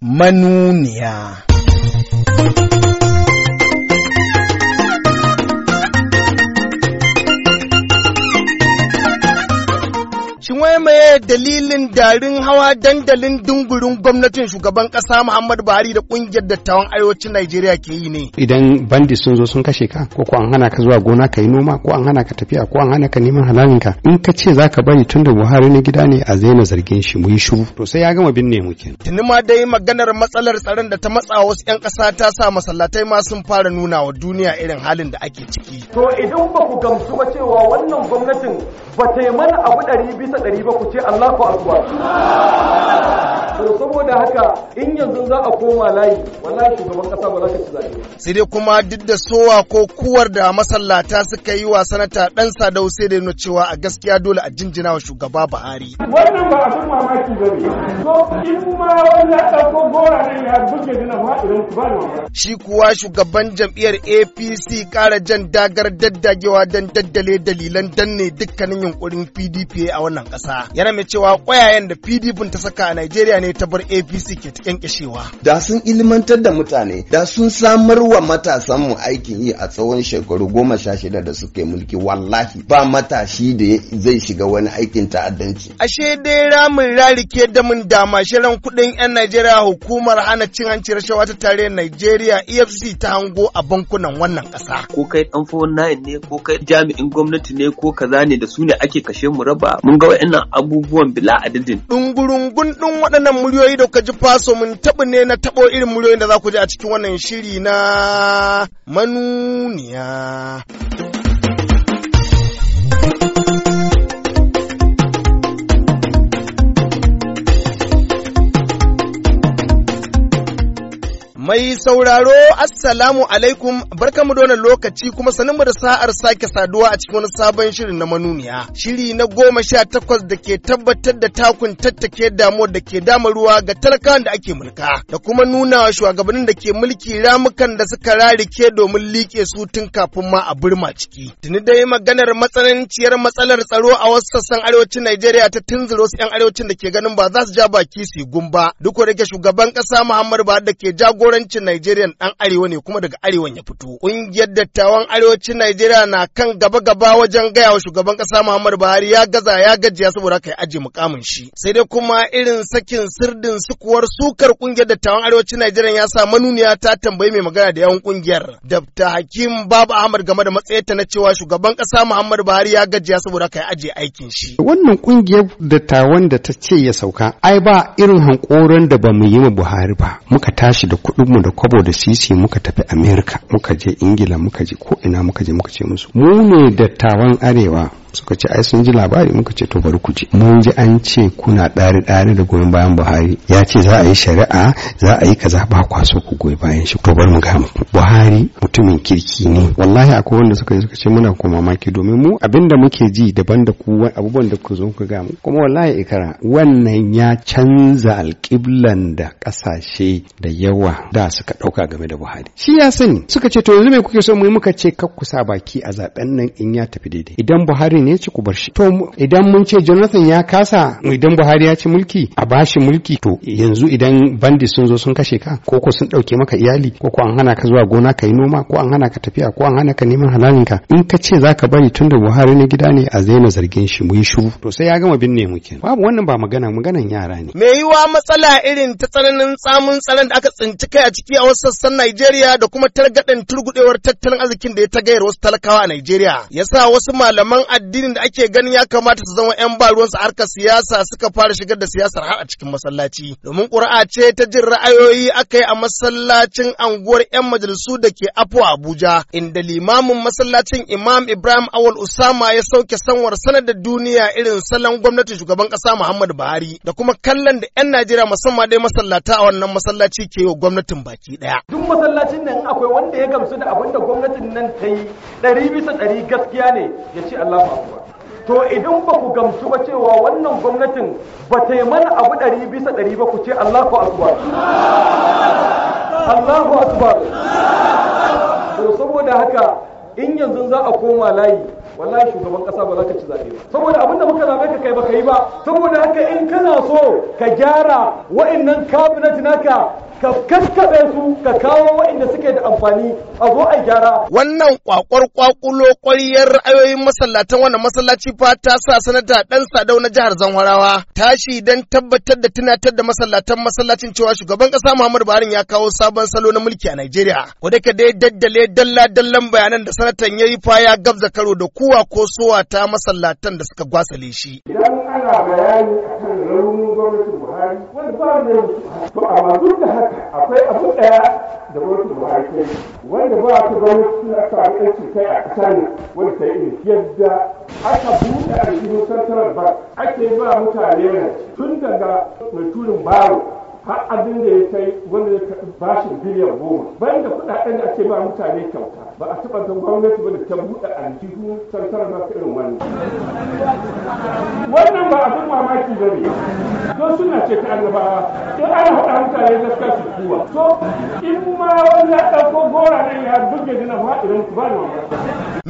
manuniya. maimaye dalilin darin hawa dandalin dungurin gwamnatin shugaban kasa Muhammadu Buhari da kungiyar dattawan arewacin Najeriya ke yi ne. Idan bandi sun zo sun kashe ka ko ko an hana ka zuwa gona ka yi noma ko an hana ka tafiya ko an hana ka neman ka. in ka ce za ka bari tun da Buhari na gida ne a zaina zargin shi mu yi shiru to sai ya gama binne mu ke. Tuni ma dai maganar matsalar tsaron da ta matsa wasu 'yan kasa ta sa masallatai ma sun fara nuna wa duniya irin halin da ake ciki. To idan ba ku gamsu ba cewa wannan gwamnatin ba ta yi mana abu ɗari bisa ɗari yi ba ku ce ku akbar to saboda haka in yanzu za a koma layi wallahi shugaban kasa ba za ka ci zabe sai dai kuma duk da sowa ko kuwar da masallata suka yi wa sanata dan Sadau sai da nuna cewa a gaskiya dole a jinjina wa shugaba Buhari wannan ba abin mamaki ba ne to in ma wannan dauko gora ne ya buge dina ba idan ku ba shi kuwa shugaban jam'iyyar APC kara jan dagar daddagewa dan daddale dalilan danne dukkanin yunkurin PDP a wannan kasa yana mai cewa kwayayen da PDP ta saka a Najeriya ne ne ta bar apc ke ta kyankyashewa da sun ilmantar da mutane da sun samar wa matasanmu aikin yi a tsawon shekaru goma sha shida da suke mulki wallahi ba matashi da zai shiga wani aikin ta'addanci ashe dai ramin rarike da mun dama shirin kuɗin 'yan najeriya hukumar hana cin hanci rashawa ta tare najeriya efcc ta hango a bankunan wannan ƙasa ko kai ɗan fowon nayin ne ko kai jami'in gwamnati ne ko kaza ne da su ne ake kashe mu raba mun ga wa'annan abubuwan bila adadin dungurungun ɗin waɗannan waɗannan muryoyi da kuka ji faso mun taɓa ne na taɓo irin muryoyin da za ku ji a cikin wannan shiri na manuniya. Mai sauraro Assalamu alaikum barkamu da wannan lokaci kuma sanin mu da sa'ar sake saduwa a cikin wani sabon shirin na manuniya. Shiri na goma sha takwas da ke tabbatar da takun tattake damuwar da ke dama ruwa ga talakawan da ake mulka da kuma nuna wa shugabannin da ke mulki ramukan da suka rarike domin liƙe su tun kafin ma a burma ciki. Tuni dai maganar matsananciyar matsalar tsaro a wasu sassan arewacin Najeriya ta tunzuro wasu 'yan arewacin da ke ganin ba za su ja baki su gumba. Duk da ke shugaban ƙasa Muhammadu Buhari da ke jagoran kudancin Najeriya ɗan arewa ne kuma daga arewan ya fito. Ƙungiyar dattawan arewacin Najeriya na kan gaba-gaba wajen gaya wa shugaban ƙasa Muhammadu Buhari ya gaza ya gajiya saboda haka yi aje mukamin shi. Sai dai kuma irin sakin sirdin sukuwar sukar ƙungiyar dattawan arewacin Najeriya ya sa manuniya ta tambayi mai magana da yawan ƙungiyar. Dabta Hakim Babu Ahmad game da ta na cewa shugaban ƙasa Muhammadu Buhari ya gajiya saboda ka yi aje aikin shi. Wannan ƙungiyar dattawan da ta ce ya sauka ai ba irin hankoron da ba mu yi wa Buhari ba muka tashi da kuɗin mu da kwabo da sisi muka tafi amerika muka je ingila muka je ko ina muka je muka ce musu mu ne dattawan arewa suka ce ai sun ji labari muka ce to bari ku je mun ji an ce kuna ɗari ɗari da goyon bayan buhari ya ce za a yi shari'a za a yi kaza ba kwaso ku goyi bayan shi to bari mu ga buhari mutumin kirki ne wallahi akwai wanda suka yi suka ce muna ko mamaki domin mu abinda muke ji daban da ku abubuwan da ku zo ku ga mu kuma wallahi ikara wannan ya canza alƙiblan da ƙasashe da yawa da suka ɗauka game da buhari shi ya sani suka ce to yanzu me kuke so mu yi muka ce kakkusa baki a zaben nan in ya tafi daidai idan buhari ne ne ci ku bar shi. To idan mun ce Jonathan ya kasa idan Buhari ya ci mulki a bashi mulki to yanzu idan bandi sun zo sun kashe ka ko ko sun dauke maka iyali ko ko an hana ka zuwa gona ka yi noma ko an hana ka tafiya ko an hana ka neman halalin ka in ka ce zaka bari da Buhari na gida ne a zaina zargin shi mu yi shiru to sai ya gama binne mu kenan. Babu wannan ba magana maganan yara ne. Me yiwa matsala irin ta tsananin tsamin tsaron da aka tsinci kai a ciki a wasu sassan Najeriya da kuma targaɗin turgudewar tattalin arzikin da ya tagayyar wasu talakawa a Najeriya. Yasa wasu malaman addini addinin da ake ganin ya kamata su zama 'yan su harkar siyasa suka fara shigar da siyasar har a cikin masallaci. Domin ƙuri'a ce ta jin ra'ayoyi aka yi a masallacin anguwar 'yan majalisu da ke Afo Abuja, inda limamin masallacin Imam Ibrahim Awal Usama ya sauke sanwar sanar da duniya irin salon gwamnatin shugaban ƙasa Muhammadu Buhari da kuma kallon da 'yan Najeriya musamman dai masallata a wannan masallaci ke yi gwamnatin baki ɗaya. Duk masallacin nan akwai wanda ya gamsu da abin da gwamnatin nan ta yi ɗari bisa ɗari gaskiya ne ya ce Allah to idan ba ku gamsu ba cewa wannan gwamnatin ba ta yi mana abu ɗari bisa ɗari ba ku ce Allahu akbar Allahu akbar to saboda haka in yanzu za a koma layi wallahi shugaban kasa ba za ka ci zaɓe ba saboda abin da muka zaɓe ka kai ba ka yi ba saboda haka in kana so ka gyara wa'annan kabinet naka ka kaskabe su ka kawo waɗanda suke da amfani a zo a gyara. Wannan kwakwar kwakulo ra'ayoyin masallatan wannan masallaci fa ta sa sanata ɗan sadau na jihar Zamfarawa tashi don tabbatar da tunatar da masallatan masallacin cewa shugaban ƙasa Muhammadu Buhari ya kawo sabon salo na mulki a Najeriya. Ko da ka dai daddale dalla dallan bayanan da sanatan ya yi fa ya gabza karo da kuwa ko sowa ta masallatan da suka gwasale shi. Idan ana bayani akan raunin gwamnatin Buhari wani ba da to amma duk da haka akwai abu ɗaya da gwamnatin buhari ta yi wanda ba ta suna ta samu yanci kai a ƙasa ne wanda ta yi yadda aka buɗe a cikin central bank ake ba mutane ne tun daga mai turin baro har abin da ya kai wanda ya bashin biliyan goma bayan da kuɗaɗen da ake ba mutane kyauta ba a taɓa gwamnati ba da ta buɗe aljihu tantar na irin wani. ba don suna ce ta annabawa in ana haɗa mutane gaskiya su kuwa to in ma wani ya ɗauko gora ne ya buge dina fa'idan ku ba ne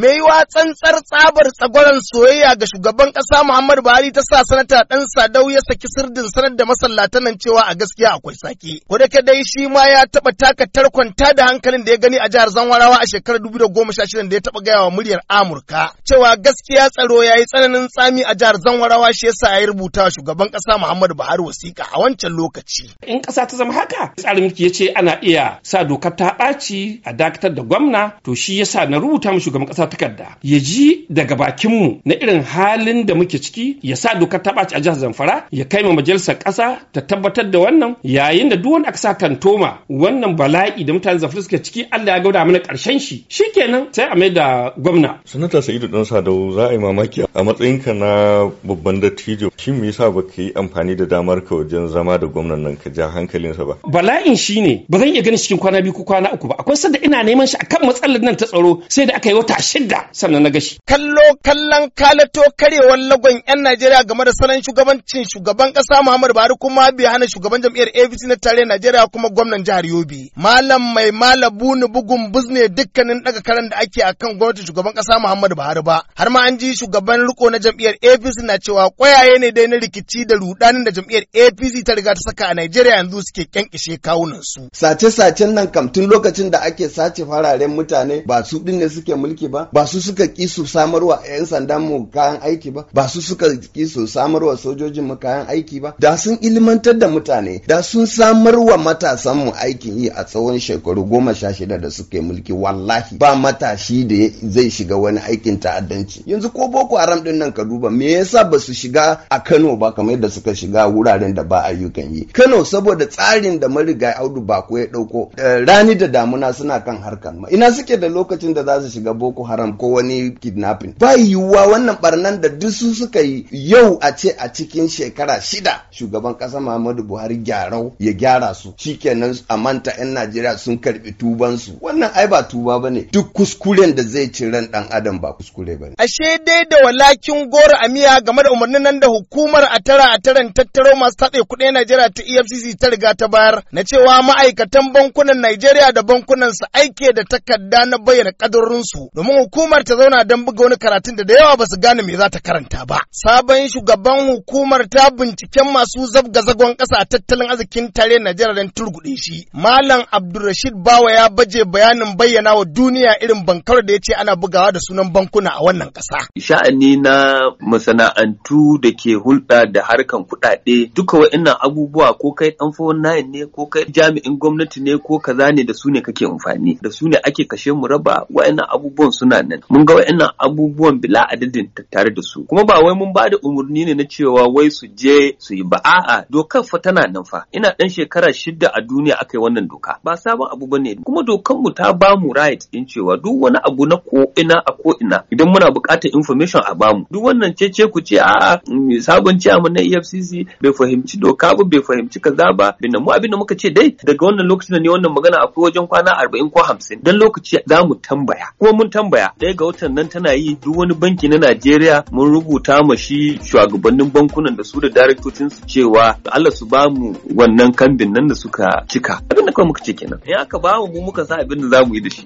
mai wa tsantsar tsabar tsagoran soyayya ga shugaban ƙasa Muhammadu Buhari ta sa sanata ɗan Sadau ya saki sirdin sanar da masallata nan cewa a gaskiya akwai sake. Ko da dai shi ma ya taɓa taka tarkonta da hankalin da ya gani a jihar Zanwarawa a shekarar 2016 da ya taɓa gaya wa muryar Amurka cewa gaskiya tsaro ya yi tsananin tsami a jihar Zanwarawa shi yasa ya rubuta wa shugaban ƙasa Muhammadu Buhari wasiƙa a wancan lokaci. In ƙasa ta zama haka tsarin ya ce ana iya sa dokar ta ɓaci a dakatar da gwamna to shi yasa na rubuta ma shugaban ƙasa takarda ya ji daga bakinmu na irin halin da muke ciki ya sa doka ta ɓaci a jihar zamfara ya kai ma majalisar ƙasa ta tabbatar da wannan yayin da duk wanda aka sa toma wannan bala'i da mutane zamfara suke ciki Allah ya gauda mana ƙarshen shi kenan sai a mai da gwamna. sanata sa'idu dan sadau za a yi mamaki a matsayinka na babban dattijo shin me yasa baka yi amfani da damar ka wajen zama da gwamnan nan ka ja hankalinsa ba. bala'in shine ba zan iya ganin cikin kwana biyu ko kwana uku ba akwai sanda ina neman shi akan matsalar nan ta tsaro sai da aka yi wata shida sannan na gashi. Kallo kallon kalato karewar lagon 'yan Najeriya game da salon shugabancin shugaban ƙasa Muhammadu Buhari kuma bai hana shugaban jam'iyyar APC na tare Najeriya kuma gwamnan jihar Yobe. Malam mai malabu ni bugun buzne dukkanin daga karan da ake a kan gwamnatin shugaban ƙasa Muhammadu Buhari ba. Har ma an ji shugaban riko na jam'iyyar APC na cewa ƙwayaye ne dai na rikici da rudanin da jam'iyyar APC ta riga ta saka a Najeriya yanzu suke kyankishe kawunan su. Sace-sacen nan kam lokacin da ake sace fararen mutane ba su ɗin ne suke mulki ba ba su suka ki su samarwa 'yan sandan mu kayan aiki ba ba su suka ki su samarwa sojojin mu kayan aiki ba da sun ilmantar da mutane da sun samarwa matasan aikin yi a tsawon shekaru goma sha shida da suke mulki wallahi ba matashi da zai shiga wani aikin ta'addanci yanzu ko boko haram din nan ka duba me yasa ba su shiga a Kano ba kamar yadda suka shiga wuraren da ba ayyukan yi Kano saboda tsarin da mariga Audu ba ko ya dauko eh, rani da damuna suna kan harkan ma ina suke da lokacin da za su shiga boko haram haram ko wani kidnapping ba yiwuwa wannan barnan da duk suka yi yau a ce a cikin shekara shida shugaban kasa Muhammadu Buhari gyarau ya gyara su shikenan a manta yan Najeriya sun karbi tuban su wannan ai ba tuba ba ne. duk kuskuren da zai ci ran dan adam ba kuskure ba ne. ashe dai da walakin goro miya game da umarnin nan da hukumar a tara a taran tattaro masu tatse kuɗin Najeriya ta EFCC ta riga ta bayar na cewa ma'aikatan bankunan Najeriya da bankunan su aike da takarda na bayyana kadarorinsu domin hukumar ta zauna don buga wani karatun da da yawa ba su gane me za ta karanta ba. Sabon shugaban hukumar ta binciken masu zabga zagon ƙasa a tattalin arzikin tare Najeriya don turgude shi. Malam Abdulrashid Bawa ya baje bayanin bayyana wa duniya irin bankar da ya ce ana bugawa da sunan bankuna a wannan ƙasa. Sha'ani na masana'antu da ke hulɗa da harkan kuɗaɗe duka wa'innan abubuwa ko kai ɗan fowon nayin ne ko kai jami'in gwamnati ne ko kaza ne da su ne kake amfani da su ne ake kashe mu raba wa'innan abubuwan suna suna nan mun ga wayannan abubuwan bila adadin tattare da su kuma ba wai mun bada da umarni ne na cewa wai su je su yi ba a'a dokar fa tana nan fa ina dan shekara shida a duniya aka yi wannan doka ba sabon abu ne. kuma dokar mu ta ba mu right din cewa duk wani abu na ko ina a ko ina idan muna buƙatar information a bamu duk wannan cece ku ce a'a mm, sabon ciyaman na EFCC bai fahimci doka ba bai fahimci kaza ba Bin mu abin da muka ce dai daga wannan lokacin ne wannan magana akwai wajen kwana 40 ko 50 dan lokaci za mu tambaya kuma mun tambaya waya ɗaya ga watan nan tana yi duk wani banki na Najeriya mun rubuta ma shi shugabannin bankunan da su da daraktocin su cewa Allah su ba mu wannan kambin nan da suka cika abin da kawai muka ce kenan in aka ba mu muka sa abin da za yi da shi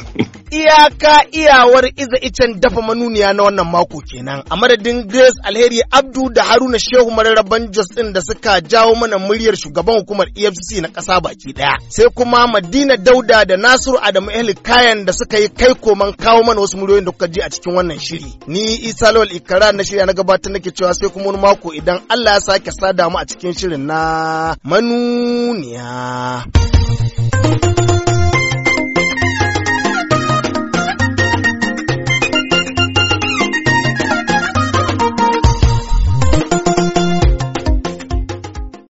iyaka iyawar iza icen dafa manuniya na wannan mako kenan a madadin grace alheri abdu da haruna shehu mararraban jos din da suka jawo mana muryar shugaban hukumar efcc na ƙasa baki daya sai kuma madina dauda da nasiru adamu ehli kayan da suka yi kai koman kawo kawo mana wasu muryoyin da kuka ji a cikin wannan shiri ni isa lawal ikara na shirya na gabatar nake cewa sai kuma wani mako idan allah ya sake sada mu a cikin shirin na manuniya